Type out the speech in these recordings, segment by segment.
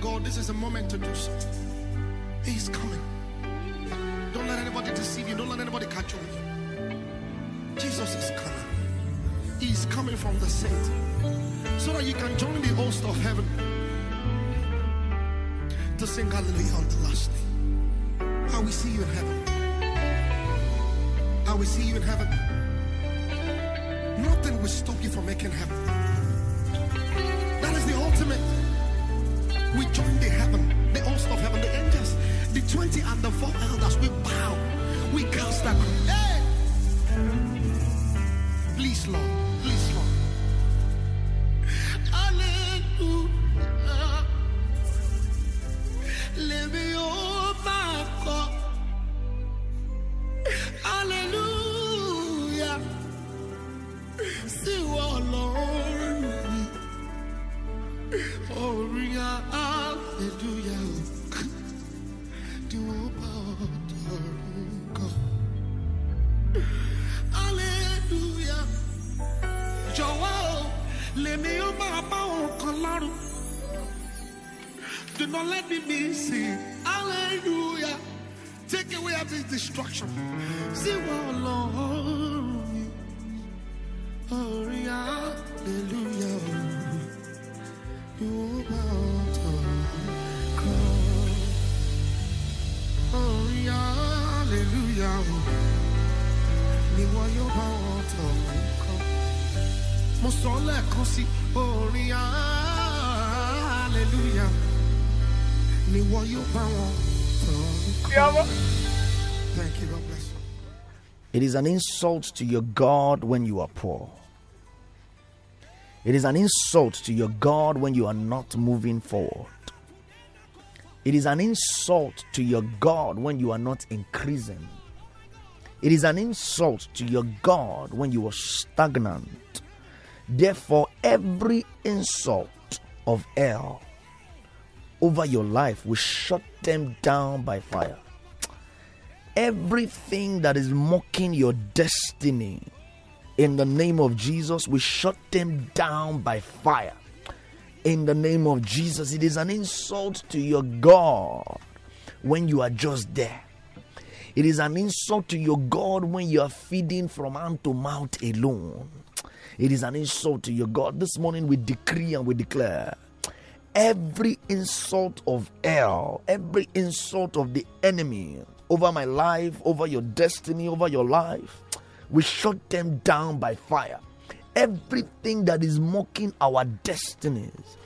to God, this is a moment to do so. He's coming. Don't let anybody deceive you. Don't let anybody catch you. Jesus is coming. He's coming from the saint. so that you can join the host of heaven to sing hallelujah the last day. I will see you in heaven. I will see you in heaven. Nothing will stop you from making heaven. join the heaven, the host of heaven, the angels, the 20 and the four elders, we bow, we cast that. Hey! It is an insult to your God when you are poor. It is an insult to your God when you are not moving forward. It is an insult to your God when you are not increasing. It is an insult to your God when you are stagnant. Therefore, every insult of hell over your life will shut them down by fire. Everything that is mocking your destiny, in the name of Jesus, we shut them down by fire. In the name of Jesus, it is an insult to your God when you are just there. It is an insult to your God when you are feeding from hand to mouth alone. It is an insult to your God. This morning we decree and we declare every insult of hell, every insult of the enemy over my life, over your destiny, over your life. We shut them down by fire. Everything that is mocking our destinies,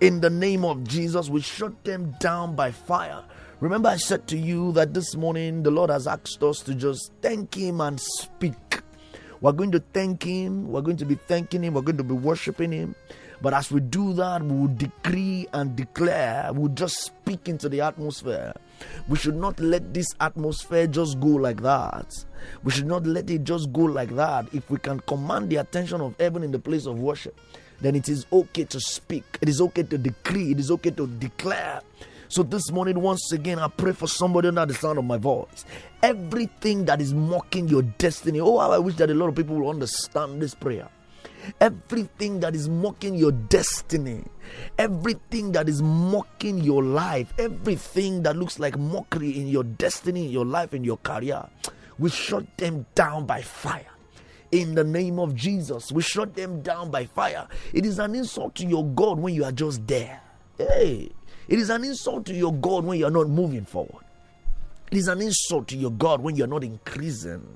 in the name of Jesus, we shut them down by fire. Remember, I said to you that this morning the Lord has asked us to just thank Him and speak. We're going to thank Him, we're going to be thanking Him, we're going to be worshiping Him. But as we do that, we will decree and declare, we'll just speak into the atmosphere we should not let this atmosphere just go like that. We should not let it just go like that. If we can command the attention of heaven in the place of worship, then it is okay to speak. It is okay to decree. It is okay to declare. So this morning, once again, I pray for somebody under the sound of my voice. Everything that is mocking your destiny. Oh, I wish that a lot of people will understand this prayer. Everything that is mocking your destiny, everything that is mocking your life, everything that looks like mockery in your destiny, in your life, in your career, we shut them down by fire in the name of Jesus. We shut them down by fire. It is an insult to your God when you are just there. Hey, it is an insult to your God when you are not moving forward. It is an insult to your God when you are not increasing.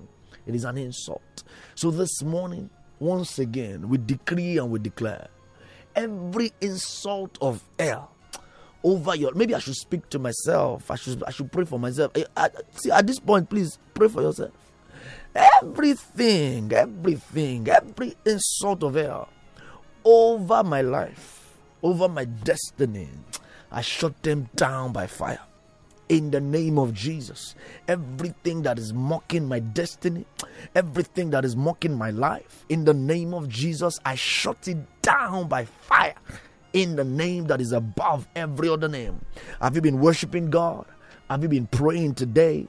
It is an insult. So this morning, once again, we decree and we declare every insult of hell over your maybe i should speak to myself i should i should pray for myself I, eh, I, see at this point please pray for yourself everything everything every insult of hell over my life over my destiny i shut them down by fire in the name of Jesus. Everything that is mocking my destiny, everything that is mocking my life, in the name of Jesus, I shut it down by fire. In the name that is above every other name. Have you been worshiping God? Have you been praying today?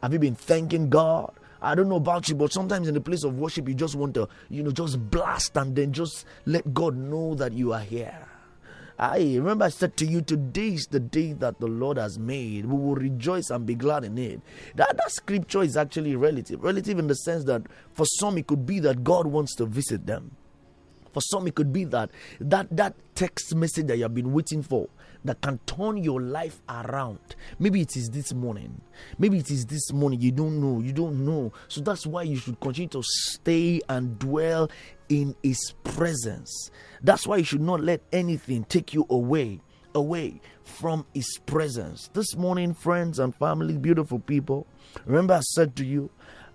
Have you been thanking God? I don't know about you, but sometimes in the place of worship, you just want to, you know, just blast and then just let God know that you are here. I remember I said to you, today is the day that the Lord has made. We will rejoice and be glad in it. That, that scripture is actually relative. Relative in the sense that for some it could be that God wants to visit them. For some it could be that that that text message that you have been waiting for that can turn your life around. Maybe it is this morning. Maybe it is this morning. You don't know. You don't know. So that's why you should continue to stay and dwell in his presence. That's why you should not let anything take you away away from his presence. This morning, friends and family, beautiful people, remember I said to you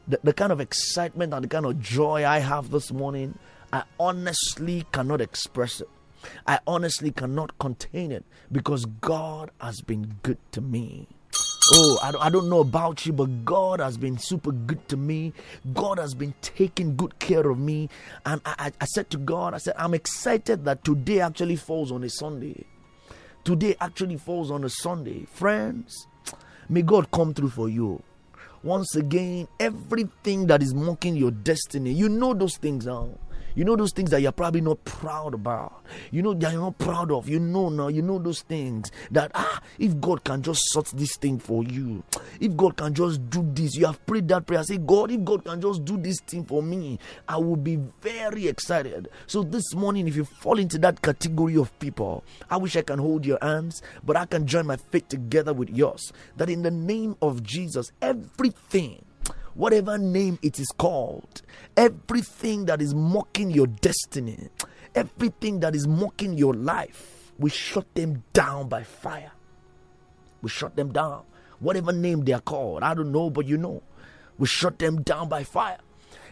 the, the kind of excitement and the kind of joy I have this morning, I honestly cannot express it. I honestly cannot contain it because God has been good to me. Oh, I, I don't know about you, but God has been super good to me. God has been taking good care of me. And I, I, I said to God, I said, I'm excited that today actually falls on a Sunday. Today actually falls on a Sunday. Friends, may God come through for you once again everything that is mocking your destiny. You know those things now. You know those things that you're probably not proud about. You know that you're not proud of. You know now, you know those things that, ah, if God can just sort this thing for you, if God can just do this, you have prayed that prayer. Say, God, if God can just do this thing for me, I will be very excited. So this morning, if you fall into that category of people, I wish I can hold your hands, but I can join my faith together with yours. That in the name of Jesus, everything whatever name it is called Everything that is mocking your destiny, everything that is mocking your life, we shut them down by fire. We shut them down. Whatever name they are called, I don't know, but you know. We shut them down by fire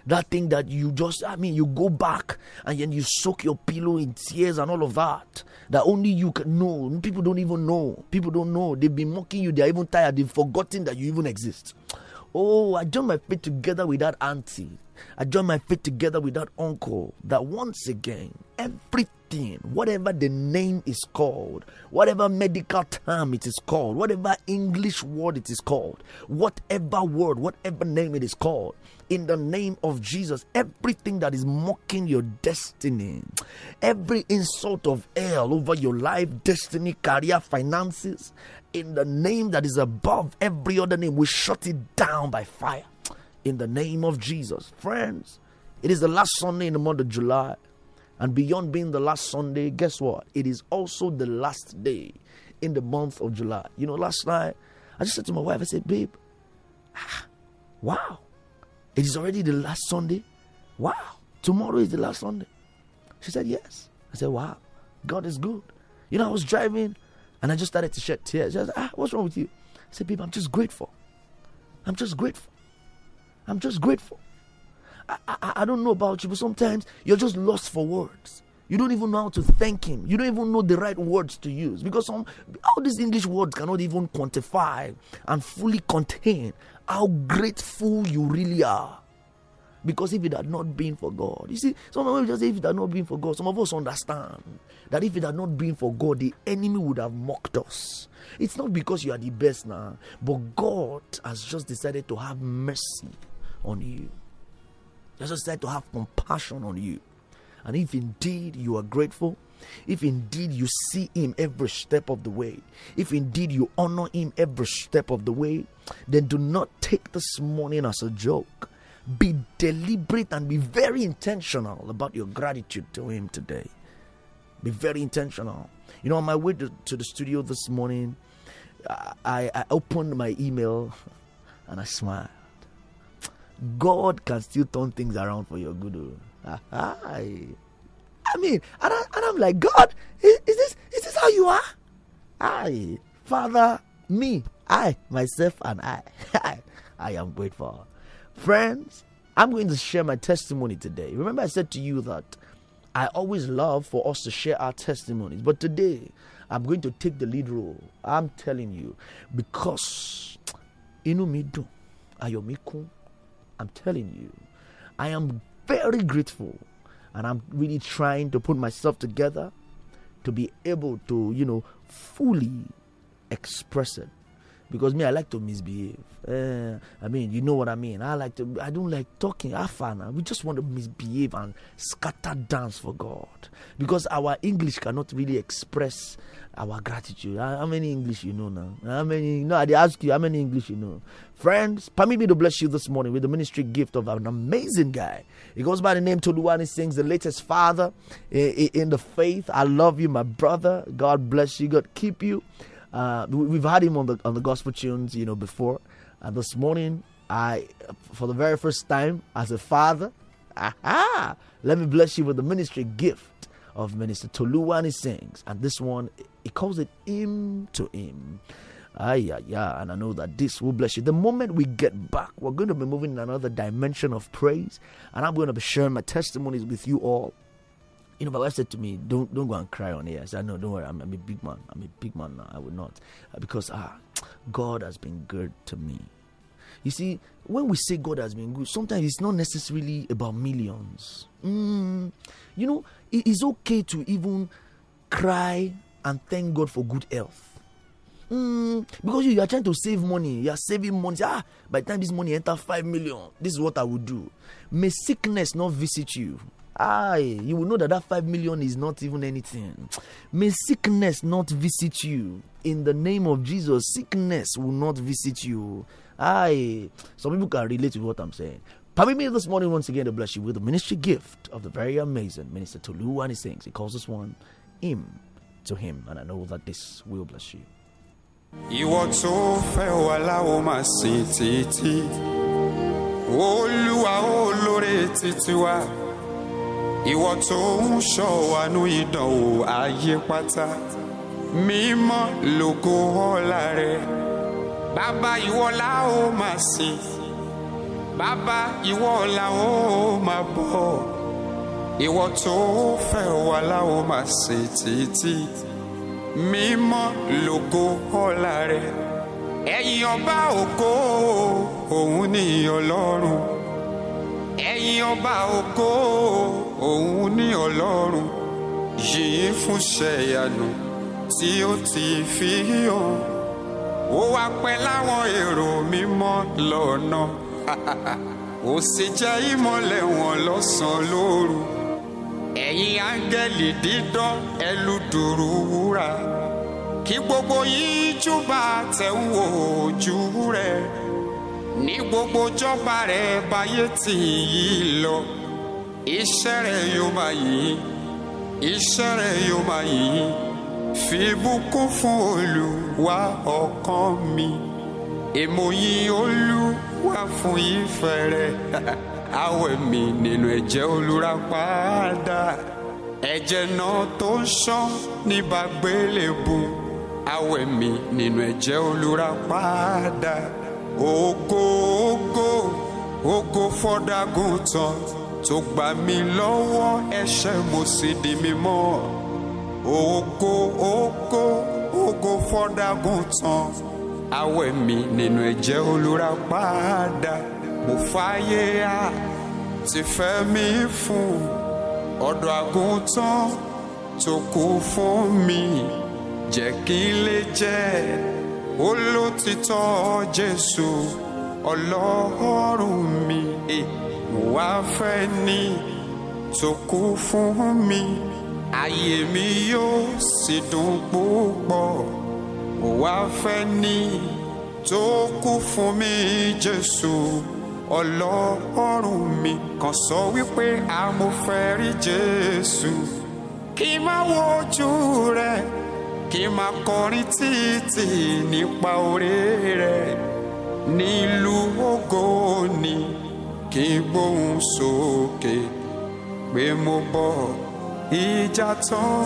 that thing that you just i mean you go back and then you soak your pillow in tears and all of that that only you can know people don't even know people don't know they've been mocking you they're even tired they've forgotten that you even exist oh i joined my feet together with that auntie I join my faith together with that uncle that once again, everything, whatever the name is called, whatever medical term it is called, whatever English word it is called, whatever word, whatever name it is called, in the name of Jesus, everything that is mocking your destiny, every insult of hell over your life, destiny, career, finances, in the name that is above every other name, we shut it down by fire in the name of Jesus. Friends, it is the last Sunday in the month of July. And beyond being the last Sunday, guess what? It is also the last day in the month of July. You know, last night, I just said to my wife, I said, babe, ah, wow, it is already the last Sunday. Wow, tomorrow is the last Sunday. She said, yes. I said, wow, God is good. You know, I was driving and I just started to shed tears. She said, ah, what's wrong with you? I said, babe, I'm just grateful. I'm just grateful. I'm just grateful. I, I, I don't know about you, but sometimes you're just lost for words. You don't even know how to thank him. You don't even know the right words to use because some, all these English words cannot even quantify and fully contain how grateful you really are. Because if it had not been for God, you see, some of us just say if it had not been for God, some of us understand that if it had not been for God, the enemy would have mocked us. It's not because you are the best now, but God has just decided to have mercy on you. Jesus said to have compassion on you. And if indeed you are grateful, if indeed you see Him every step of the way, if indeed you honor Him every step of the way, then do not take this morning as a joke. Be deliberate and be very intentional about your gratitude to Him today. Be very intentional. You know, on my way to, to the studio this morning, I, I opened my email and I smiled. God can still turn things around for your good. Oh. I mean, and, I, am like, God, is, is, this is this how you are? I, Father, me, I, myself, and I, I, I am grateful. Friends, I'm going to share my testimony today. Remember, I said to you that I always love for us to share our testimonies, but today I'm going to take the lead role. I'm telling you because inú mi dùn, I'm telling you, I am very grateful and I'm really trying to put myself together to be able to, you know, fully express it because me, I like to misbehave. Uh, I mean, you know what I mean. I like to. I don't like talking. Have We just want to misbehave and scatter dance for God because our English cannot really express our gratitude. How, many English you know now? How many? No, they ask you how many English you know. Friends, permit me to bless you this morning with the ministry gift of an amazing guy. He goes by the name He Sings, the latest father eh, eh, in the faith. I love you, my brother. God bless you. God keep you. Uh, we've had him on the on the gospel tunes, you know, before. And uh, this morning, I, for the very first time, as a father, aha, let me bless you with the ministry gift of Minister Toluwani sings, and this one, he calls it "him to him. Ah, yeah, yeah, and I know that this will bless you. The moment we get back, we're going to be moving in another dimension of praise, and I'm going to be sharing my testimonies with you all you know, my wife said to me, "Don't don't go and cry on here." I said, "No, don't worry. I'm, I'm a big man. I'm a big man now. I will not, uh, because ah, God has been good to me." You see, when we say God has been good, sometimes it's not necessarily about millions. Mm, you know, it is okay to even cry and thank God for good health. Mm, because you are trying to save money, you are saving money. Ah, by the time this money enter five million, this is what I would do. May sickness not visit you Aye, you will know that that 5 million is not even anything. May sickness not visit you. In the name of Jesus, sickness will not visit you. Aye, some people can relate to what I'm saying. Permit me this morning once again to bless you with the ministry gift of the very amazing Minister Tulu and he sings. He calls this one Him to Him, and I know that this will bless you. ìwọ tó ń ṣọ́ wa nú ìdánwò ayé pátá mímọ́ lógo ọlá rẹ bàbá ìwọ la ó máa sìn bàbá ìwọ la ó máa bọ ìwọ tó fẹ́ wa la ó máa sìn títí mímọ́ lógo ọlá rẹ ẹ̀yin ọba ògo òun ni Ọlọ́run ẹ̀yin ọba ògo òun ni ọlọ́run yìí fún ṣẹ̀yànù tí ó ti fi hàn ó wá pẹ́ láwọn èrò mímọ́ lọ́nà ó sì jẹ́ ìmọ́lẹ̀ wọn lọ́sàn-án lóru ẹ̀yin áńgẹ́lì dídán ẹlùdùrú wúrà kí gbogbo yín júbà tẹ̀ ojú rẹ̀ ní gbogbo jọba rẹ̀ báyé tì yí lọ iṣẹ́ rẹ̀ yóò máa yìn iṣẹ́ rẹ̀ yóò máa yìn fi bùkún fún olúwa ọkàn mi èmo yìn olúwa fún ìfẹ́ rẹ̀ àwẹ̀ mi nínú ẹ̀jẹ̀ olùràpadà ẹ̀jẹ̀ náà tó ń ṣàn ní bàgbélébù àwẹ̀ mi nínú ẹ̀jẹ̀ olùràpadà ògo ògo ògo fọ́dàgùn tán tó gbà mí lọ́wọ́ ẹ̀ṣẹ̀ mo sì di mímọ́ ògo ògo ògo fọ́dágùntàn àwẹ̀ mi nínú ẹ̀jẹ̀ olùràpadà mo fààyè à ti fẹ́ mi fún ọ̀dọ̀ àgùntàn tó kú fún mi jẹ́ kí n lè jẹ́ olótìtọ́ Jésù ọlọ́run mi. Eh wá fẹ́ ní tó kú fún mi ayé mi yóò sì dùn púpọ̀ wá fẹ́ ní tó kú fún mi Jésù ọlọ́run mi kàn sọ wípé amòfẹ́ rí Jésù kí n má wojú rẹ̀ kí n má kọrin títì nípa oore rẹ̀ nílùú ògo ni. Lu, kí n gbóhùn sókè pé mo bọ̀ ìjà tán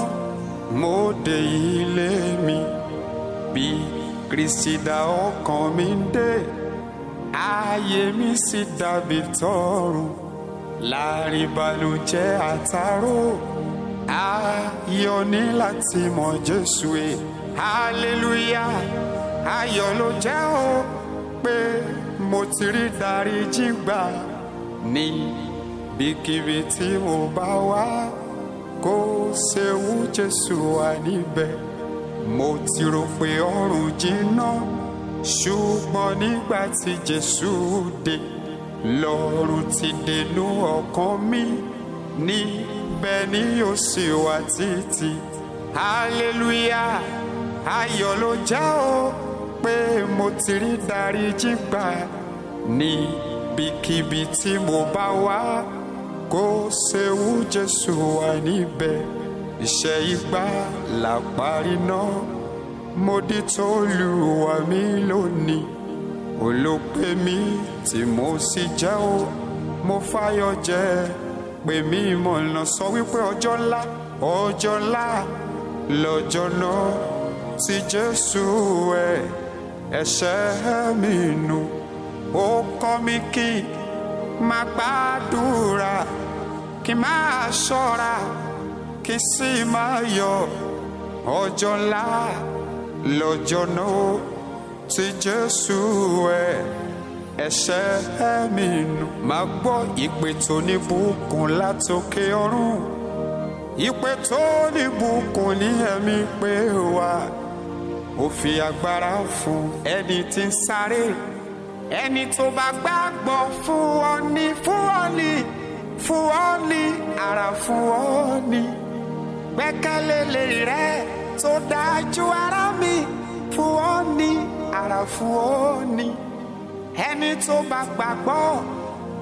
mo dé ilé mi bí Kristi dá ọkàn mi dé ayé mi sì dàbí tọ̀run láàrin balùjẹ́ àtàrò ayọ̀ ní láti mọ̀ Jésù ẹ̀ e. hallelujah ayọ̀ ló jẹ́ o pé mo ti rí dáríjì gbà níbikíbi tí mo bá wá kó ṣeun jésù wà níbẹ̀ mo ti rò pé ọ̀run jìnnà ṣùgbọ́n nígbà tí jésù dé lọ́run ti dènú ọkàn mi níbẹ̀ ni yóò sì wà títí hallelujah ayọ̀ ló já o pé mo ti rí dáríjì gbà ní ibikíbi tí mo bá wà kó ṣeun jésù wà níbẹ̀ iṣẹ́ igbá là parí náà mo dí tó lùwà lónìí olópè mi tí mo sì jẹ́ o mo fáyọ̀ jẹ́ pè mí mọ̀ ọ̀nà sọ wípé ọjọ́ ńlá ọjọ́ ńlá lọ́jọ́ náà tí jésù ẹ̀ ẹ̀ṣẹ̀ mi nù. No ó kọ́ mi kí n máa gbàdúrà kí n máa ṣọ́ra kí n sì máa yọ̀ ọjọ́ ńlá lọ́jọ́ náà tí Jésù ẹ̀ ẹ̀ṣẹ̀ mi nù máa gbọ́ ìpè tó ní bùkún látòkè ọ̀run ìpè tó ní bùkún ní ẹ̀mí pé wá ó fi agbára fún ẹni tí ń sáré ẹni tó bá gbàgbọ́ fún ọ ní fún ọ ní fún ọ ní ara fún ọ ní gbẹ́kẹ̀lé lè rẹ tó dájú ara mi fún ọ ní ara fún ọ ní ẹni tó bá gbàgbọ́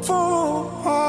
fún ọ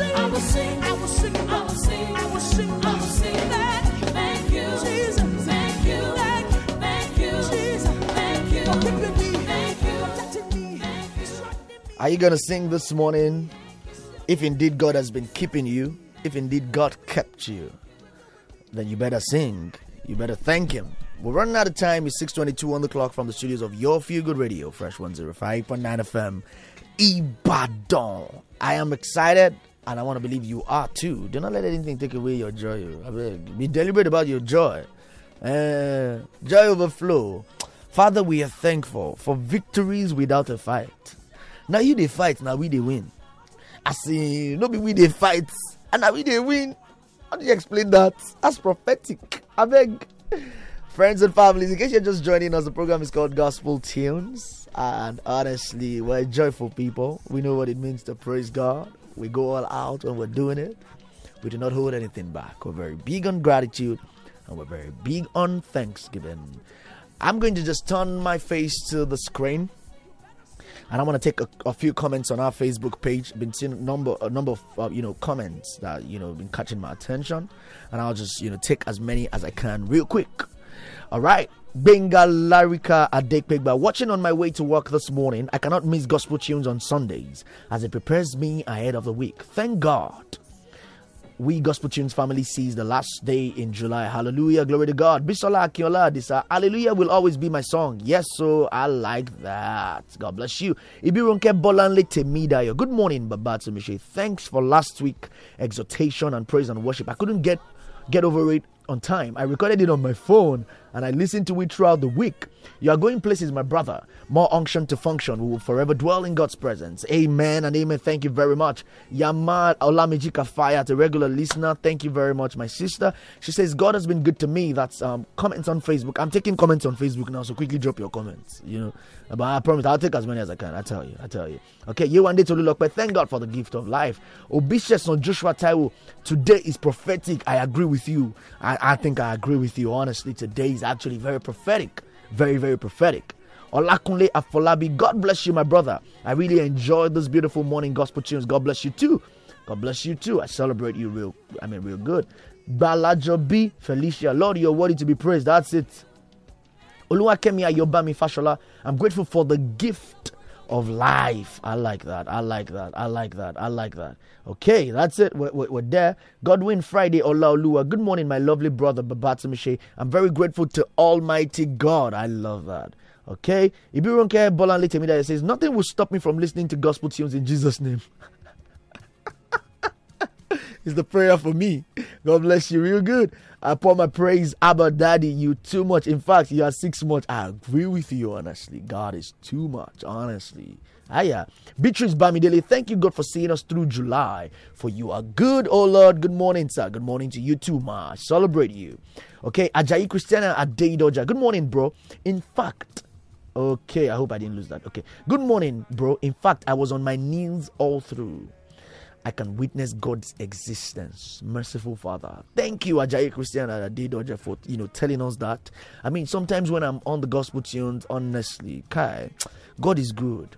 I will sing, I will sing, I will sing, I will sing, I will sing that. Thank you, Jesus. Thank you, Jesus. Thank you, thank you, Are you gonna sing this morning? If indeed God has been keeping you, if indeed God kept you, then you better sing. You better thank Him. We're running out of time. It's 6:22 on the clock from the studios of Your Feel Good Radio, Fresh 105.9 FM, Ibadan. I am excited and I want to believe you are too. Do not let anything take away your joy. Oh, be deliberate about your joy. Uh, joy overflow. Father, we are thankful for victories without a fight. Now you they fight, now we they win. I see, no be we they fight, and now we they win. How do you explain that? That's prophetic. I beg. Friends and families, in case you're just joining us, the program is called Gospel Tunes. And honestly, we're joyful people. We know what it means to praise God we go all out when we're doing it. We do not hold anything back. We're very big on gratitude and we're very big on thanksgiving. I'm going to just turn my face to the screen and I want to take a, a, few comments on our Facebook page. Been seeing a number a number of uh, you know comments that you know been catching my attention, and I'll just you know take as many as I can real quick. All right, Benga Larika Adekpegba. Watching on my way to work this morning, I cannot miss gospel tunes on Sundays as it prepares me ahead of the week. Thank God. We Gospel Tunes family sees the last day in July. Hallelujah. Glory to God. Bisola Akiola disa. Hallelujah will always be my song. Yes, so I like that. God bless you. Ibirunke Bolanle Temidayo. Good morning, Miche. Thanks for last week exhortation and praise and worship. I couldn't get get over it on time. I recorded it on my phone and I listen to it throughout the week. You are going places, my brother. More unction to function. We will forever dwell in God's presence. Amen and amen. Thank you very much. Yamal Olamijika. Fire, a regular listener. Thank you very much, my sister. She says, God has been good to me. That's um, comments on Facebook. I'm taking comments on Facebook now, so quickly drop your comments. You know, but I promise I'll take as many as I can. I tell you, I tell you. Okay, you and to look, but thank God for the gift of life. on Joshua Taiwo, today is prophetic. I agree with you. I, I think I agree with you, honestly. Today is is actually very prophetic. Very, very prophetic. Olakunle Afolabi, God bless you, my brother. I really enjoyed this beautiful morning gospel tunes. God bless you too. God bless you too. I celebrate you real, I mean, real good. Balajo B, Felicia, Lord, you're worthy to be praised. That's it. Oluwakemi Ayobami Fashola, I'm grateful for the gift of life. I like that. I like that. I like that. I like that. Okay, that's it. We're, we're, we're there. Godwin Friday Olaoluwa. Good morning, my lovely brother Babatsumishe. I'm very grateful to Almighty God. I love that. Okay, Ibirunke Bolanle Temida says nothing will stop me from listening to gospel tunes in Jesus' name. is the prayer for me. God bless you real good. I pour my praise about daddy. You too much. In fact, you are six much. I agree with you, honestly. God is too much, honestly. Aya. Beatrice Bamidele, thank you, God, for seeing us through July. For you are good, oh Lord. Good morning, sir. Good morning to you too, ma. Celebrate you. Okay, Ajayi Christiana Adeidoja. Good morning, bro. In fact, okay, I hope I didn't lose that. Okay. Good morning, bro. In fact, I was on my knees all through. I can witness God's existence. Merciful Father. Thank you, Ajayi Christian Adade for you know telling us that. I mean, sometimes when I'm on the gospel tunes, honestly, Kai, God is good.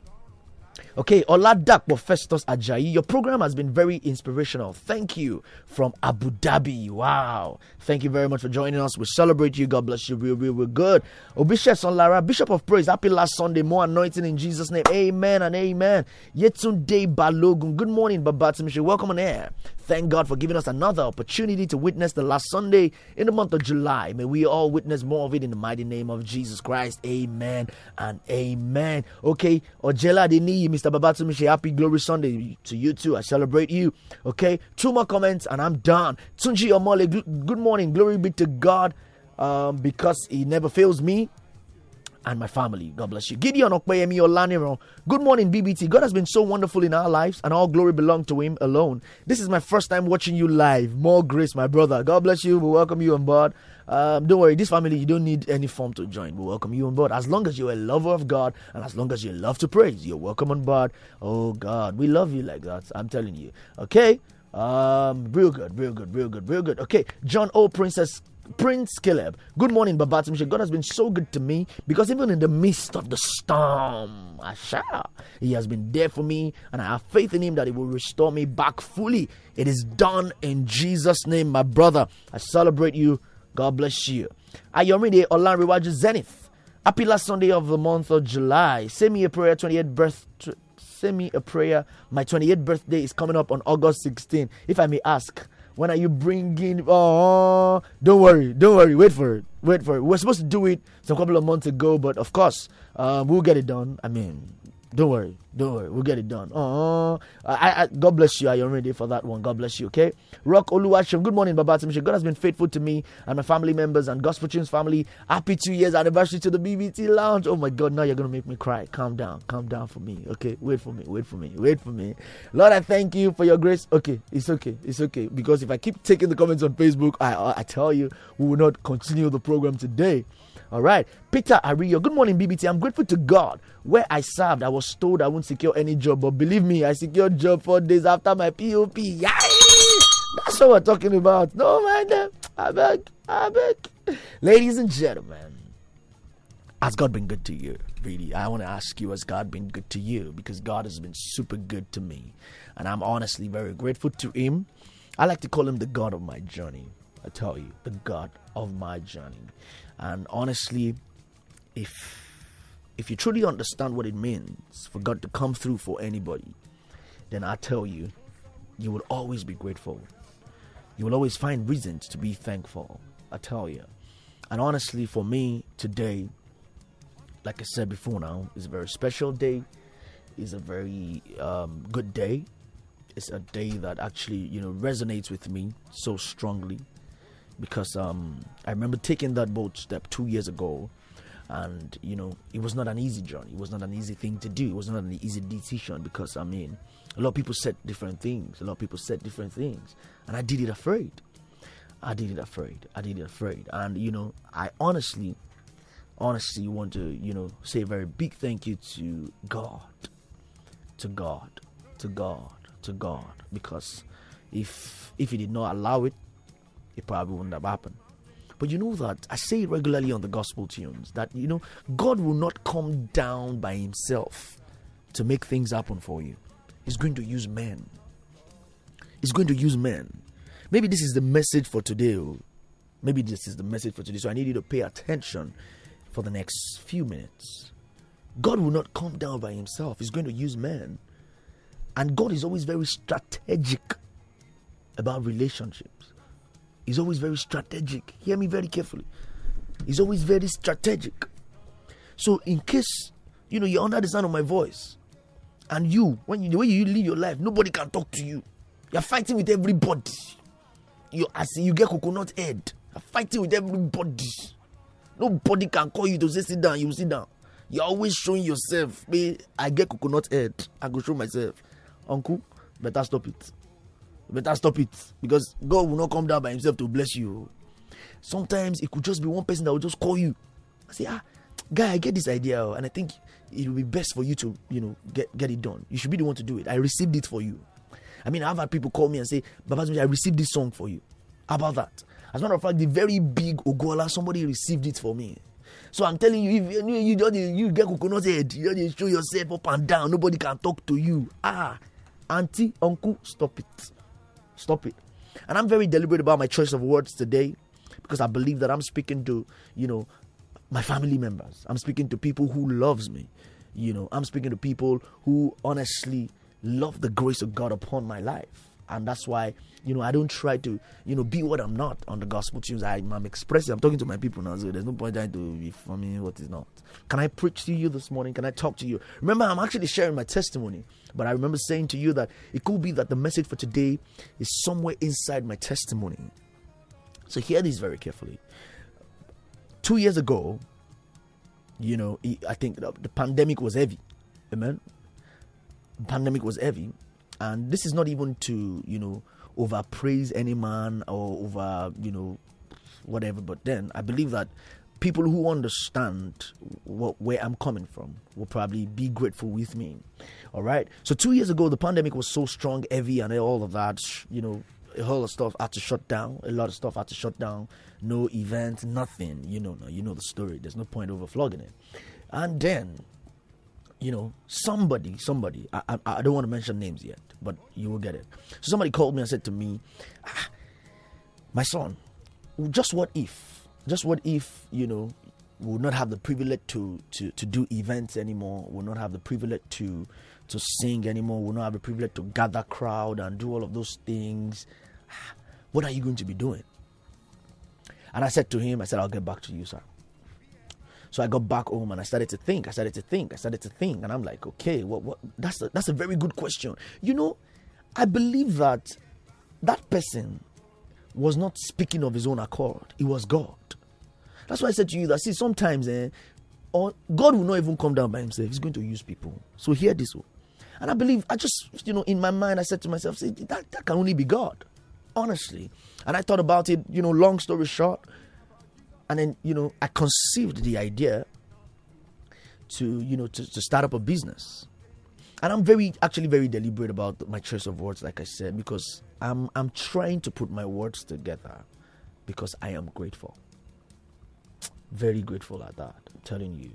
Okay, Oladapo Festus Ajayi, your program has been very inspirational. Thank you from Abu Dhabi. Wow. Thank you very much for joining us. We celebrate you. God bless you. We, we, we're good. Obishe Sonlara, Bishop of Praise, happy last Sunday. More anointing in Jesus' name. Amen and amen. Yetunde Balogun, good morning, Babatimishi. Welcome on air. Thank God for giving us another opportunity to witness the last Sunday in the month of July. May we all witness more of it in the mighty name of Jesus Christ. Amen and amen. Okay, Ojela Dini, Mr. Babatumishi, happy glory Sunday to you too. I celebrate you. Okay, two more comments and I'm done. Tunji Omole, good morning. Glory be to God um, because He never fails me and my family. God bless you. Gideon Okpeyemi Olaniran. Good morning, BBT. God has been so wonderful in our lives, and all glory belongs to Him alone. This is my first time watching you live. More grace, my brother. God bless you. We welcome you on board. Um, don't worry, this family, you don't need any form to join. We welcome you on board. As long as you're a lover of God and as long as you love to praise, you're welcome on board. Oh, God, we love you like that. I'm telling you. Okay? Um, real good, real good, real good, real good. Okay, John O. Princess Prince Caleb. Good morning, Babatimshe. God has been so good to me because even in the midst of the storm, Asha, He has been there for me, and I have faith in Him that He will restore me back fully. It is done in Jesus' name, my brother. I celebrate you. God bless you. Ayomide Olanriwaju Zenith. Happy last Sunday of the month of July. Send me a prayer, 28th birth. Send me a prayer. My 28th birthday is coming up on August 16. If I may ask, when are you bringing? Oh, don't worry, don't worry. Wait for it. Wait for it. We are supposed to do it some couple of months ago, but of course, uh, we'll get it done. I mean, don't worry. Don't worry. We'll get it done. Oh, I, I, God bless you. I ready for that one. God bless you. Okay. Rock Oluwashim. Good morning, Baba Timshi. God has been faithful to me and my family members and Gospel Tunes family. Happy two years anniversary to the BBT Lounge. Oh my God. Now you're going to make me cry. Calm down. Calm down for me. Okay. Wait for me. Wait for me. Wait for me. Lord, I thank you for your grace. Okay. It's okay. It's okay. Because if I keep taking the comments on Facebook, I, I tell you, we will not continue the program today. All right. Peter Ariyo. Good morning, BBT. I'm grateful to God. Where I served, I was told I won't secure any job. But believe me, I secured job four days after my POP. Yay! That's what we're talking about. No mind them. I beg. I beg. Ladies and gentlemen, has God been good to you? Really, I want to ask you, has God been good to you? Because God has been super good to me. And I'm honestly very grateful to Him. I like to call Him the God of my journey. I tell you, the God of my journey. And honestly, if if you truly understand what it means for God to come through for anybody, then I tell you, you will always be grateful. You will always find reasons to be thankful. I tell you. And honestly, for me today, like I said before, now is a very special day. It's a very um, good day. It's a day that actually, you know, resonates with me so strongly because um, I remember taking that bold step two years ago, and you know it was not an easy journey. It was not an easy thing to do. It was not an easy decision because I mean, a lot of people said different things. A lot of people said different things, and I did it afraid. I did it afraid. I did it afraid, and you know I honestly, honestly want to you know say a very big thank you to God, to God, to God, to God, because if if He did not allow it it probably wouldn't have happened. But you know that I say regularly on the gospel tunes that you know God will not come down by himself to make things happen for you. He's going to use men. He's going to use men. Maybe this is the message for today. Oh. Maybe this is the message for today. So I need you to pay attention for the next few minutes. God will not come down by himself. He's going to use men. And God is always very strategic about relationship. He's always very strategic. Hear me very carefully. He's always very strategic. So, in case you know you're under the sound of my voice, and you, when you the way you live your life, nobody can talk to you. You're fighting with everybody. You as you get coconut head. You're fighting with everybody. Nobody can call you to say sit down. You sit down. You're always showing yourself. Me, I get coconut head. I go show myself. Uncle, better stop it better stop it because God will not come down by himself to bless you. Sometimes it could just be one person that will just call you. I say, ah, guy, I get this idea, oh, and I think it will be best for you to, you know, get, get it done. You should be the one to do it. I received it for you. I mean, I've had people call me and say, Baba, I received this song for you. How about that? As a matter of fact, the very big Ogola, somebody received it for me. So I'm telling you, if you you, just, you get coconut head, you just show yourself up and down. Nobody can talk to you. Ah, auntie, uncle, stop it. Stop it. And I'm very deliberate about my choice of words today because I believe that I'm speaking to, you know, my family members. I'm speaking to people who loves me. You know, I'm speaking to people who honestly love the grace of God upon my life and that's why you know I don't try to you know be what I'm not on the gospel tunes. I, am expressing. I'm talking to my people now, so there's no point trying to be for me what is not. Can I preach to you this morning? Can I talk to you? Remember, I'm actually sharing my testimony, but I remember saying to you that it could be that the message for today is somewhere inside my testimony. So hear this very carefully. Two years ago, you know, I think the pandemic was heavy. Amen. The pandemic was heavy and this is not even to, you know, overpraise any man or over, you know, whatever. But then I believe that people who understand what, where I'm coming from will probably be grateful with me. All right. So two years ago, the pandemic was so strong, heavy, and all of that. You know, a whole lot of stuff had to shut down. A lot of stuff had to shut down. No events, nothing. You know, you know the story. There's no point overflogging it. And then you know, somebody, somebody, I, I, I don't want to mention names yet, but you will get it. So somebody called me and said to me, ah, my son, just what if, just what if, you know, we will not have the privilege to, to, to do events anymore, we will not have the privilege to, to sing anymore, we will not have the privilege to gather crowd and do all of those things. Ah, what are you going to be doing? And I said to him, I said, I'll get back to you, sir. So I got back home and I started to think. I started to think. I started to think, and I'm like, okay, what? What? That's a, that's a very good question. You know, I believe that that person was not speaking of his own accord. It was God. That's why I said to you that see sometimes eh, God will not even come down by himself. He's going to use people. So hear this one. Oh. And I believe I just you know in my mind I said to myself, see that, that can only be God. Honestly. And I thought about it, you know, long story short, and then you know i conceived the idea to you know to, to start up a business and i'm very actually very deliberate about my choice of words like i said because i'm i'm trying to put my words together because i am grateful very grateful at that I'm telling you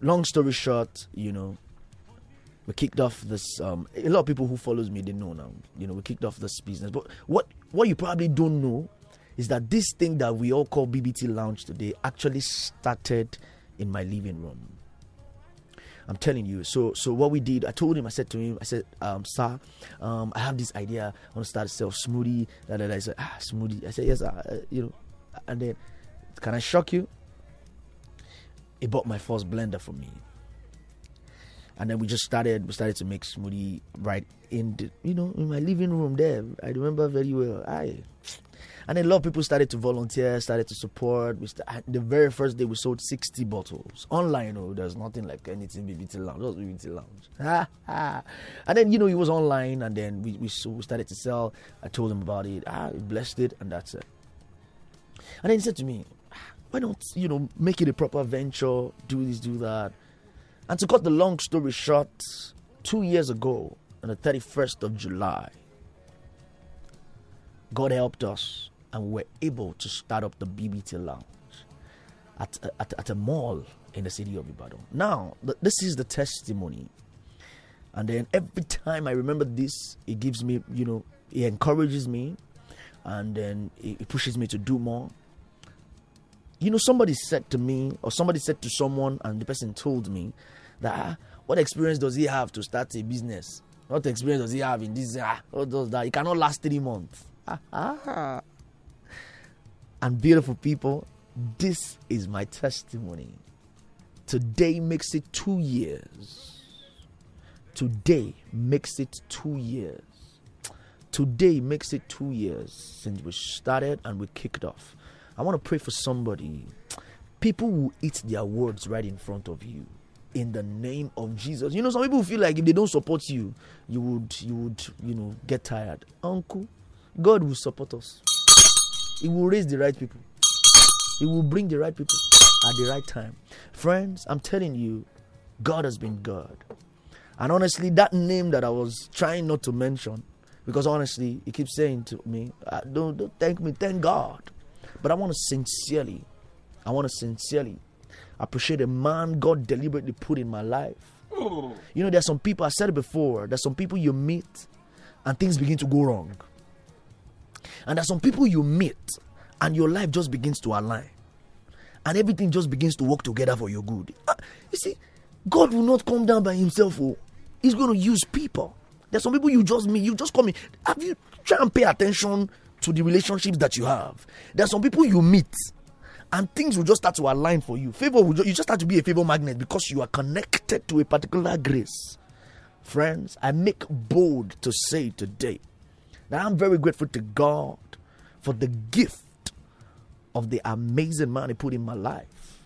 long story short you know we kicked off this um, a lot of people who follows me they know now you know we kicked off this business but what what you probably don't know is that this thing that we all call BBT Lounge today actually started in my living room. I'm telling you. So, so what we did, I told him, I said to him, I said, um, sir, um, I have this idea. I want to start a self smoothie. Da, da, da. I said, ah, smoothie. I said, yes, uh, you know. And then, can I shock you? He bought my first blender for me and then we just started we started to make smoothie right in the you know in my living room there i remember very well i and then a lot of people started to volunteer started to support we st- the very first day we sold 60 bottles online oh there's nothing like anything bbt lounge just bbt lounge and then you know it was online and then we, we, so we started to sell i told him about it i ah, blessed it and that's it and then he said to me ah, why don't you know make it a proper venture do this do that and to cut the long story short, two years ago, on the 31st of July, God helped us and we were able to start up the BBT Lounge at, a, at, at a mall in the city of Ibadan. Now, th- this is the testimony. And then every time I remember this, it gives me, you know, it encourages me and then it, it pushes me to do more. You know, somebody said to me, or somebody said to someone, and the person told me, that ah, what experience does he have to start a business? What experience does he have in this? Ah, what does that? He cannot last three months. Uh-huh. And beautiful people, this is my testimony. Today makes it two years. Today makes it two years. Today makes it two years since we started and we kicked off. I want to pray for somebody. People will eat their words right in front of you in the name of Jesus. You know, some people feel like if they don't support you, you would you would you know get tired. Uncle, God will support us. He will raise the right people. He will bring the right people at the right time. Friends, I'm telling you, God has been God. And honestly, that name that I was trying not to mention, because honestly, he keeps saying to me, ah, don't, don't thank me, thank God. But I want to sincerely, I want to sincerely appreciate a man God deliberately put in my life. You know, there's some people, I said it before, there's some people you meet and things begin to go wrong. And there's some people you meet and your life just begins to align. And everything just begins to work together for your good. Ah, you see, God will not come down by himself. Oh. He's going to use people. There's some people you just meet, you just come in. Have you try and pay attention to the relationships that you have? There's some people you meet and things will just start to align for you. Favor will you just have to be a favor magnet because you are connected to a particular grace. Friends, I make bold to say today that I'm very grateful to God for the gift of the amazing man He put in my life.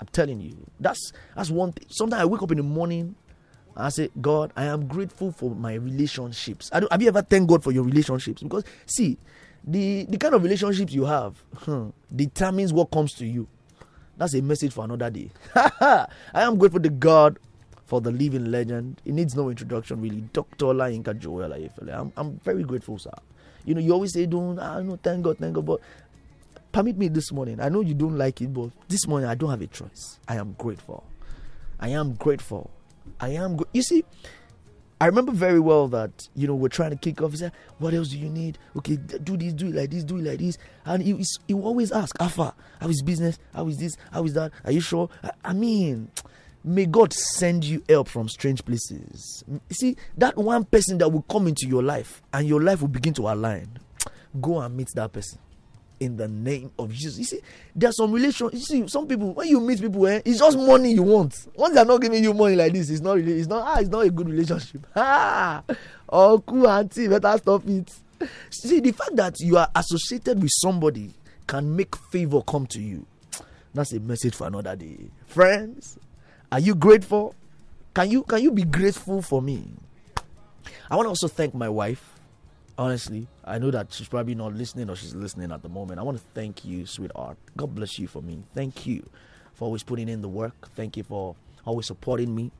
I'm telling you, that's that's one thing. Sometimes I wake up in the morning I say, God, I am grateful for my relationships. have you ever thanked God for your relationships? Because see, the the kind of relationships you have hmm, determines what comes to you that's a message for another day i am grateful to god for the living legend it needs no introduction really dr lainka joel Ayefele. I'm, I'm very grateful sir you know you always say don't i ah, know thank god thank god but permit me this morning i know you don't like it but this morning i don't have a choice i am grateful i am grateful i am gr- you see I remember very well that you know we're trying to kick off. He said, "What else do you need? Okay, do this, do it like this, do it like this." And he he, always ask, "Afa, how is business? How is this? How is that? Are you sure?" I, I mean, may God send you help from strange places. See that one person that will come into your life and your life will begin to align. Go and meet that person in the name of Jesus. You see, there's some relation. You see, some people when you meet people, eh, it's just money you want. Once they're not giving you money like this, it's not really, it's not ah, it's not a good relationship. Ah, oh cool auntie, better stop it. See, the fact that you are associated with somebody can make favor come to you. That's a message for another day. Friends, are you grateful? Can you can you be grateful for me? I want to also thank my wife honestly, I know that she's probably not listening or she's listening at the moment. I want to thank you, sweetheart. God bless you for me. Thank you for always putting in the work. Thank you for always supporting me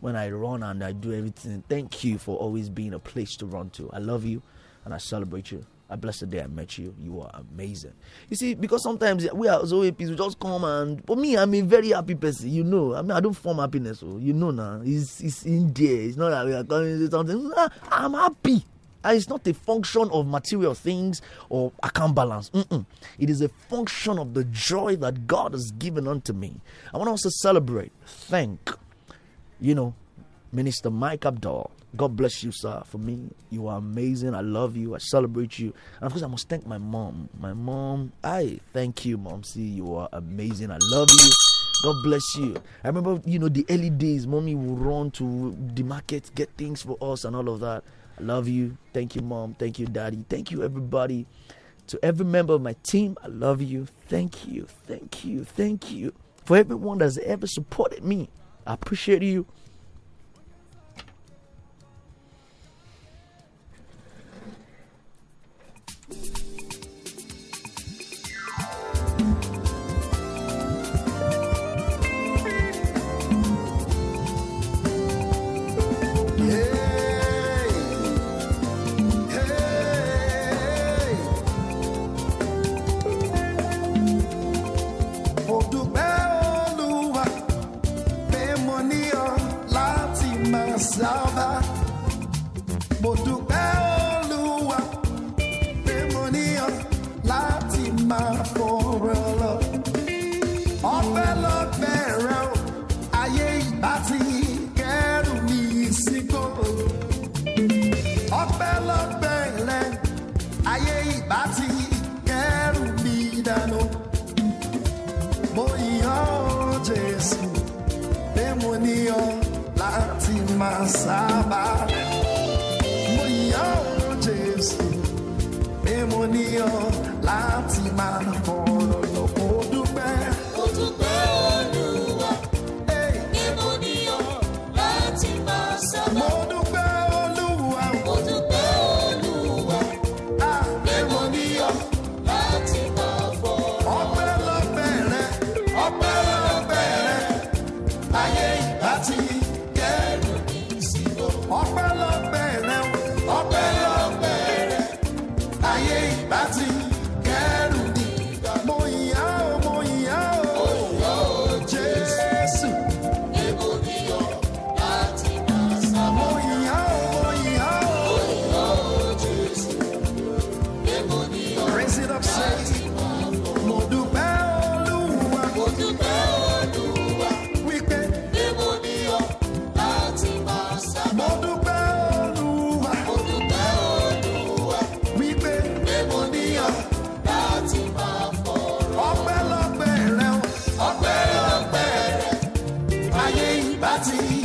when I run and I do everything. Thank you for always being a place to run to. I love you and I celebrate you. I bless the day I met you. You are amazing. You see, because sometimes we are so happy, we just come and for me, I'm a very happy person. You know, I mean, I don't form happiness. So oh, you know now, it's it's in there. It's not that we are coming to something. Ah, I'm happy. Ah, it's not a function of material things or account balance. Mm-mm. It is a function of the joy that God has given unto me. I want us to celebrate, thank, you know, Minister Mike Abdul. God bless you, sir. For me, you are amazing. I love you. I celebrate you. And of course, I must thank my mom. My mom, I thank you, mom. See, you are amazing. I love you. God bless you. I remember, you know, the early days, mommy would run to the market, get things for us, and all of that. I love you. Thank you, mom. Thank you, daddy. Thank you, everybody. To every member of my team, I love you. Thank you. Thank you. Thank you. For everyone that's ever supported me, I appreciate you. cansaba. Mo yàn ó Jésù, mímú níyàn láti máa. see.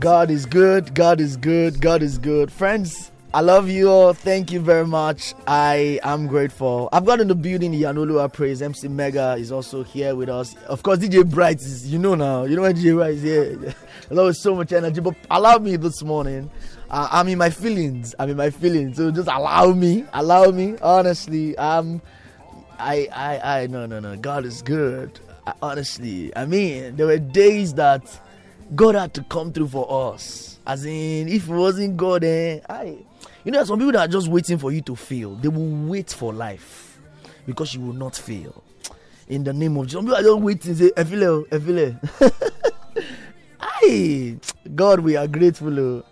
God is good. God is good. God is good. Friends, I love you all. Thank you very much. I am grateful. I've got in the building Yanolua Praise. MC Mega is also here with us. Of course, DJ Bright is, you know now. You know when DJ Bright is here. I love so much energy. But allow me this morning. Uh, I'm in my feelings. I'm in my feelings. So just allow me. Allow me. Honestly, um, I, I, I, no, no, no. God is good. I, honestly, I mean, there were days that God had to come through for us. As in, if it wasn't God, eh, I, you know, some people that are just waiting for you to fail. They will wait for life because you will not fail. In the name of Jesus, some people are just waiting. Say, Efile, Efile. Aye, God, we are grateful. Oh.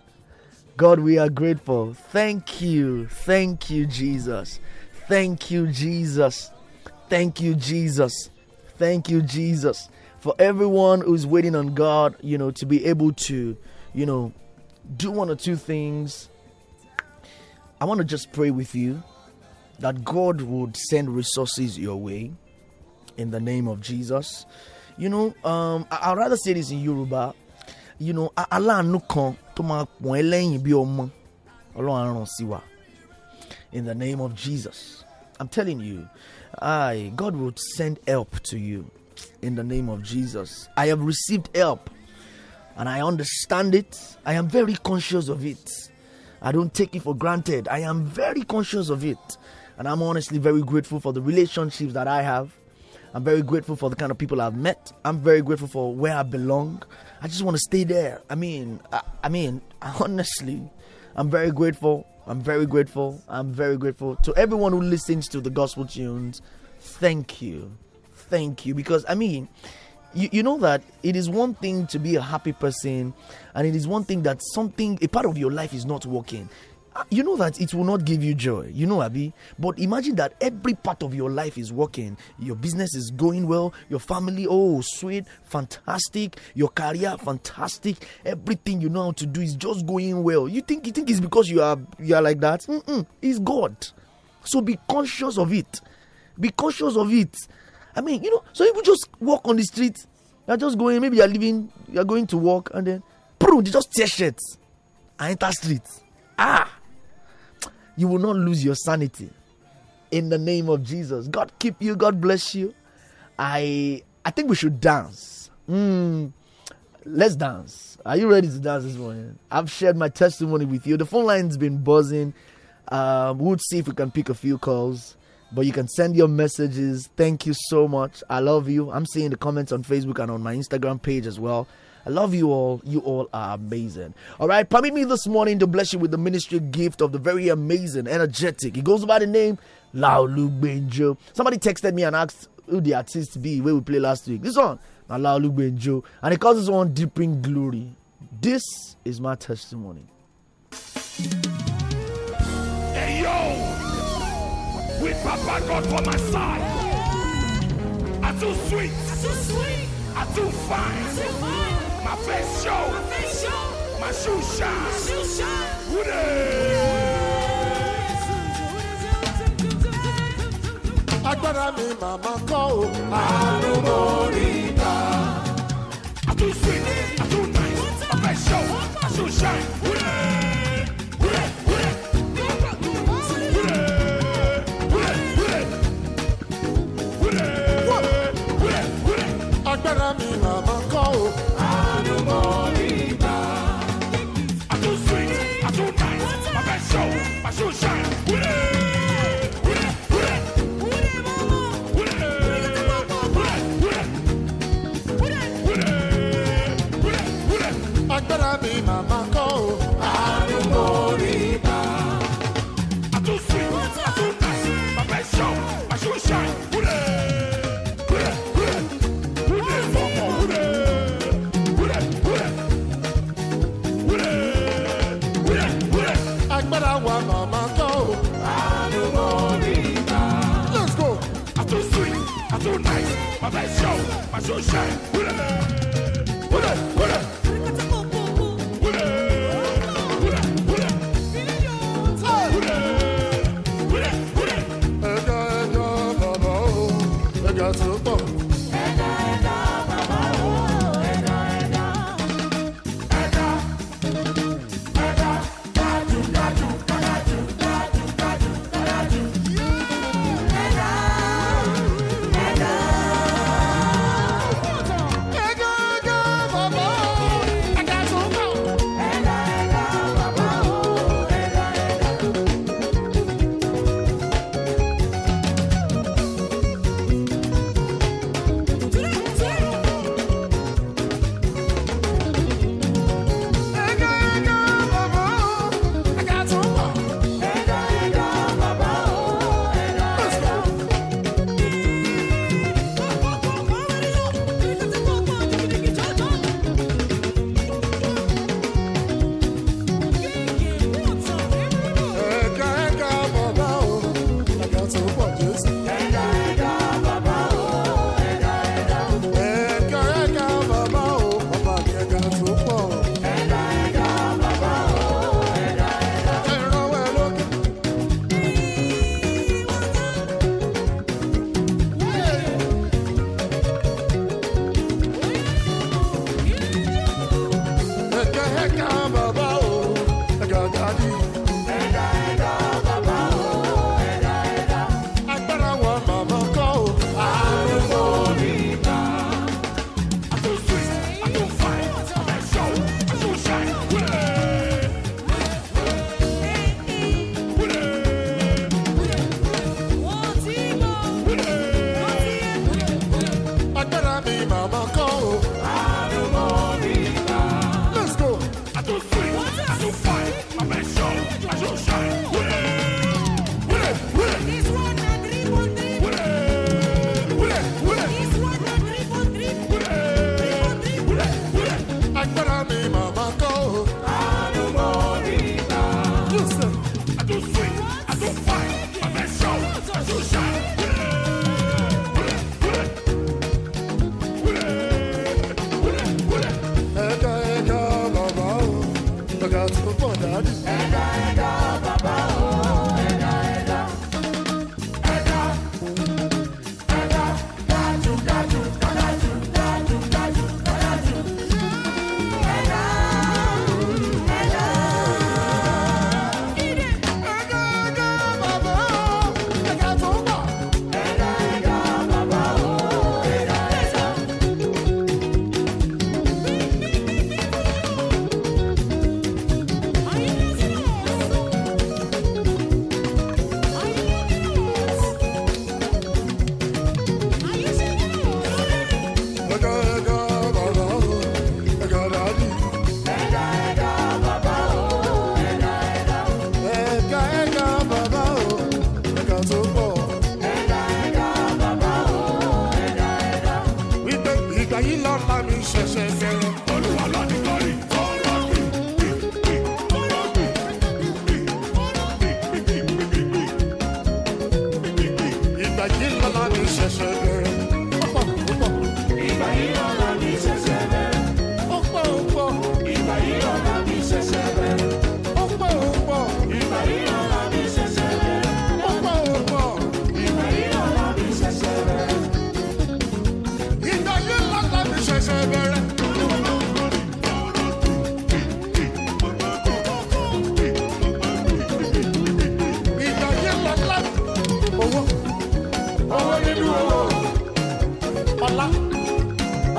God, we are grateful. Thank you, thank you, Jesus. Thank you, Jesus. Thank you, Jesus. Thank you, Jesus for everyone who's waiting on God, you know, to be able to, you know, do one or two things. I want to just pray with you that God would send resources your way in the name of Jesus. You know, um, I, would rather say this in Yoruba. You know, aláàánú kan tó In the name of Jesus. I'm telling you, I, God would send help to you in the name of Jesus. I have received help and I understand it. I am very conscious of it. I don't take it for granted. I am very conscious of it. And I'm honestly very grateful for the relationships that I have. I'm very grateful for the kind of people I've met. I'm very grateful for where I belong. I just want to stay there. I mean, I, I mean, honestly, I'm very grateful. I'm very grateful. I'm very grateful to everyone who listens to the gospel tunes. Thank you thank you because I mean, you, you know that it is one thing to be a happy person, and it is one thing that something a part of your life is not working. Uh, you know that it will not give you joy, you know, Abby. But imagine that every part of your life is working. Your business is going well. Your family, oh, sweet, fantastic. Your career, fantastic. Everything you know how to do is just going well. You think you think it's because you are you are like that? Mm-mm, it's God. So be conscious of it. Be conscious of it I mean, you know, so people just walk on the street. You're just going, maybe you're leaving, you're going to work, and then, pru, they just tear shirts and enter street. Ah! You will not lose your sanity. In the name of Jesus. God keep you. God bless you. I I think we should dance. Hmm. let's dance. Are you ready to dance this morning? I've shared my testimony with you. The phone line's been buzzing. Um, we'll see if we can pick a few calls but you can send your messages. Thank you so much. I love you. I'm seeing the comments on Facebook and on my Instagram page as well. I love you all. You all are amazing. All right, permit me this morning to bless you with the ministry gift of the very amazing, energetic. It goes by the name Laulu Benjo. Somebody texted me and asked who the artist be where we play last week. This one, Laulu Benjo, and it calls this one Deeping Glory. This is my testimony. Papa God for my side. I too sweet. I too sweet. I too fine. I too fine. My face show. My face show. My shoe shine. My shoe shine. Who Agbára mi màmá kọ́ o. Àrùn mo rí I too sweet. I too nice. My face show. My shoe shine. Who i mi I too sweet, I too nice, my best show, my shoe shine. to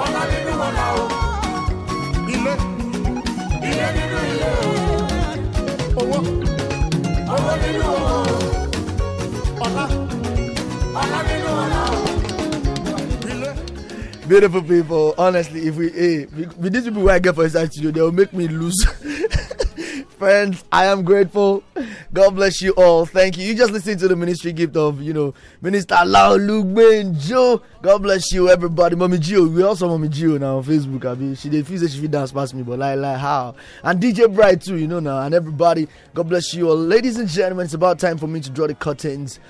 ọlá nínú ọlá o. Ilé ilé nínú ilé o. Owó owó nínú owó o. Ọlá ọlá nínú ọlá o. Beautiful people, honestly, if we, hey, with these people who I get for inside studio, they will make me lose. friends. I am grateful. God bless you all. Thank you. You just listened to the ministry gift of, you know, Minister Lao Joe. God bless you, everybody. Mommy Gio. We also Mommy Gio now on Facebook. I mean, she refused that she did dance past me, but like, like, how? And DJ Bright too, you know, now. And everybody, God bless you all. Ladies and gentlemen, it's about time for me to draw the curtains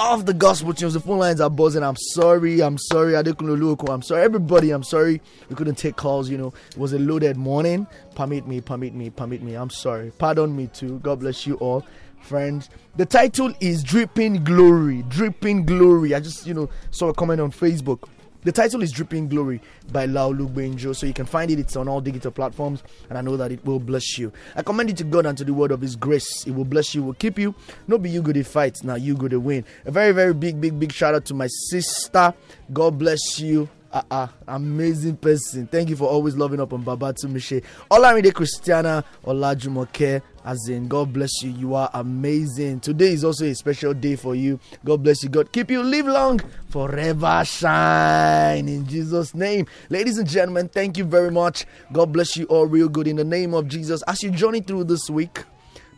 of the gospel tunes. The phone lines are buzzing. I'm sorry. I'm sorry. Adekunoluko. I'm sorry. Everybody, I'm sorry. We couldn't take calls, you know. It was a loaded morning. Permit me, permit me, permit me. I'm sorry. Pardon me too. God bless you all. Friends, the title is Dripping Glory. Dripping Glory. I just, you know, saw a comment on Facebook the title is Dripping Glory by Lao Lugbenjo, so you can find it. It's on all digital platforms, and I know that it will bless you. I commend it to God and to the word of His grace. It will bless you, will keep you. No be you go to fight, now you go to win. A very, very big, big, big shout out to my sister. God bless you uh-uh, amazing person. Thank you for always loving up on Babatumishe. Olamide Christiana Olajumoke, as in God bless you. You are amazing. Today is also a special day for you. God bless you. God keep you. Live long, forever shine in Jesus' name. Ladies and gentlemen, thank you very much. God bless you all real good in the name of Jesus. As you journey through this week,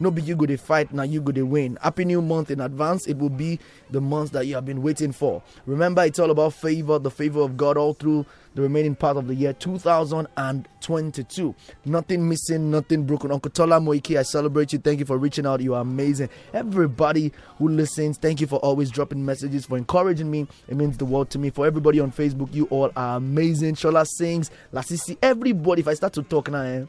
no be you go to fight now you go to win happy new month in advance it will be the month that you have been waiting for remember it's all about favor the favor of god all through the remaining part of the year 2022 nothing missing nothing broken uncle tola moiki i celebrate you thank you for reaching out you are amazing everybody who listens thank you for always dropping messages for encouraging me it means the world to me for everybody on facebook you all are amazing shola sings lasisi everybody if i start to talk now eh,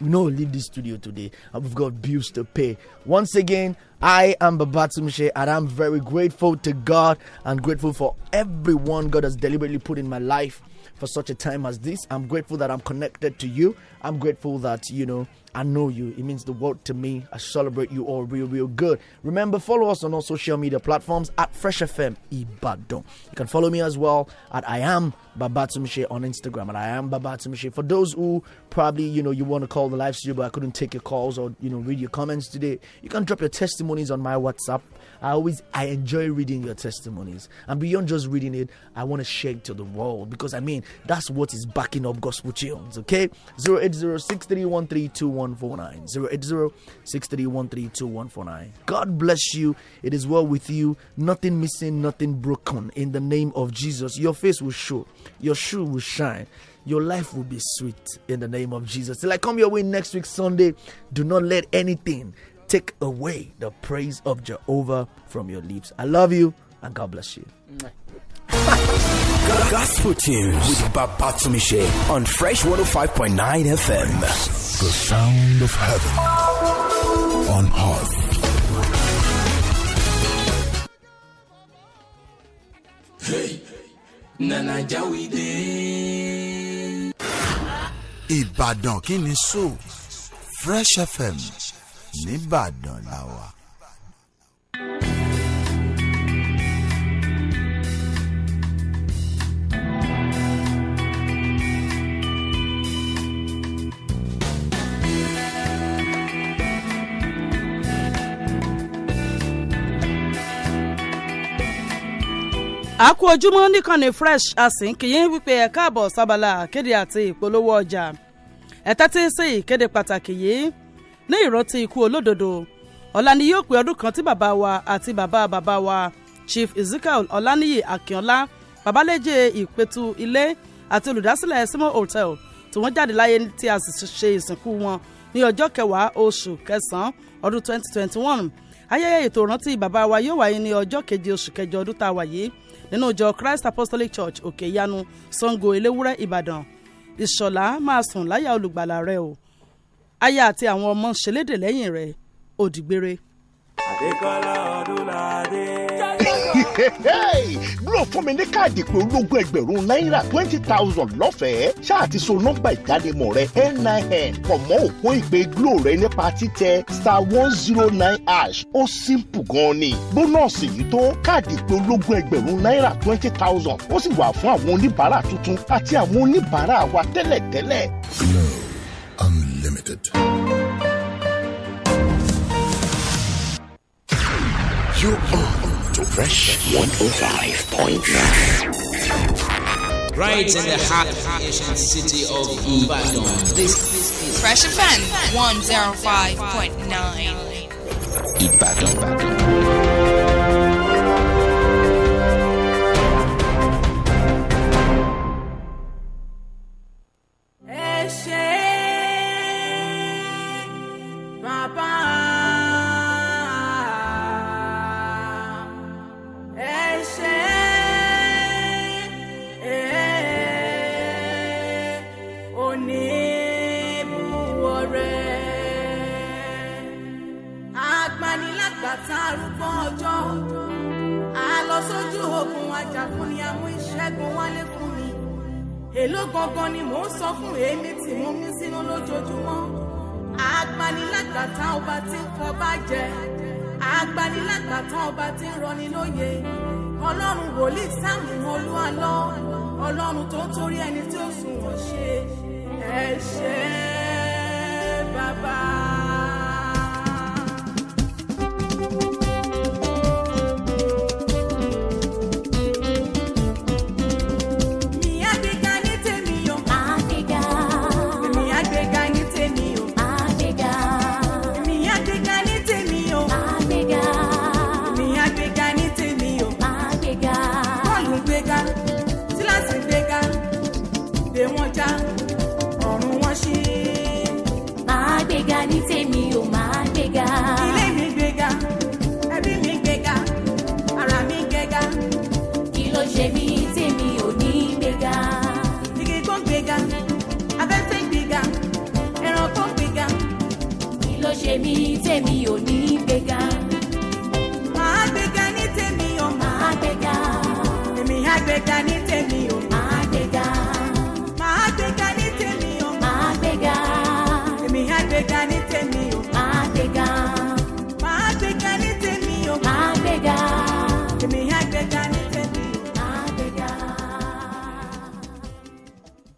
we no leave this studio today. Uh, we've got bills to pay. Once again, I am Babatsumshe and I'm very grateful to God and grateful for everyone God has deliberately put in my life for such a time as this. I'm grateful that I'm connected to you. I'm grateful that, you know, I know you. It means the world to me. I celebrate you all real, real good. Remember, follow us on all social media platforms at Fresh FM Ibadan. You can follow me as well at I am Babatumshe on Instagram and I am Babatumshe. For those who probably, you know, you want to call the live studio, but I couldn't take your calls or, you know, read your comments today, you can drop your testimonies on my WhatsApp I always I enjoy reading your testimonies. And beyond just reading it, I want to share it to the world because I mean that's what is backing up gospel tunes, okay? 080-631-32149. 080-631-32149. God bless you. It is well with you. Nothing missing, nothing broken. In the name of Jesus, your face will show. Your shoe will shine your life will be sweet in the name of Jesus. Till I come your way next week, Sunday, do not let anything take away the praise of Jehovah from your lips. I love you and God bless you. Gospel tunes with Babatsumishe on Fresh 105.9 FM. The sound of heaven on earth. Hey, Nana Jawide. Ibadan kini Fresh FM nìbàdàn la wà. a kú ojúmọ́ nìkànnì fresh asin kìí wípé ẹ káàbọ̀ sábàlá akéde àti ìpolówó ọjà ẹ sí ìkéde pàtàkì yìí ní ìrántí ikú olódodo ọ̀la ni yóò pé ọdún kan tí bàbá wa àti bàbá bàbá wa Chief Ezekiel Ọláníyì Akínọlá babalẹ́jẹ́ ìpẹ̀tù ilé àti olùdásílẹ̀ Simo Hotel tí wọ́n jáde láyé tí a sì ṣe ìsìnkú wọn ní ọjọ́ kẹwàá oṣù kẹsàn-án ọdún 2021 ayẹyẹ ètò ìrántí bàbá wa yóò wáyé ní ọjọ́ keje oṣù kẹjọ ọdún tá a wà yìí nínú ìjọ Christ Apostolic Church Òkè Ìyanu Sango Eléwúrẹ́ Ìbàdàn ìṣọ̀lá máa sùn láyà olùgbàlà rẹ o aya àti àwọn ọmọ ṣẹlẹ́dè lẹ́yìn rẹ̀ òdìgbére. Adékọ́lá Ọdúnládé. Glo fún mi ní káàdì pé ológun ẹgbẹ̀rún náírà twenty thousand lọ́fẹ̀ẹ́ ṣáà ti so nọ́mbà ìdánimọ̀ rẹ NIN pọ̀ mọ́ òpó ìpè Glo rẹ nípa títẹ star one zero nine hash ó simple gan ni. Bónọ́ọ̀sì yìí tó káàdì pé ológun ẹgbẹ̀rún náírà twenty thousand ó sì wà fún àwọn oníbàárà tuntun àti àwọn oníbàárà wa tẹ́lẹ̀tẹ́lẹ̀. Glo Limited. You are on to Fresh 105.9. Right in the heart of the city of Ibadan. This oh is Fresh Offense 105.9. Ibadan. Ibadan. èló gangan ni mò ń sọ fún èémí tí mo mí sínú lójoojúmọ́ agbanilágbàtà ọba tí ń kọ bàjẹ́ agbanilágbàtà ọba tí ń rọni lóye ọlọ́run wòlíì sáàmù olúwalọ́ ọlọ́run tó ń torí ẹni tí ó sùn wọ́n ṣe ẹ bàbá. tèmi tèmi ò ní.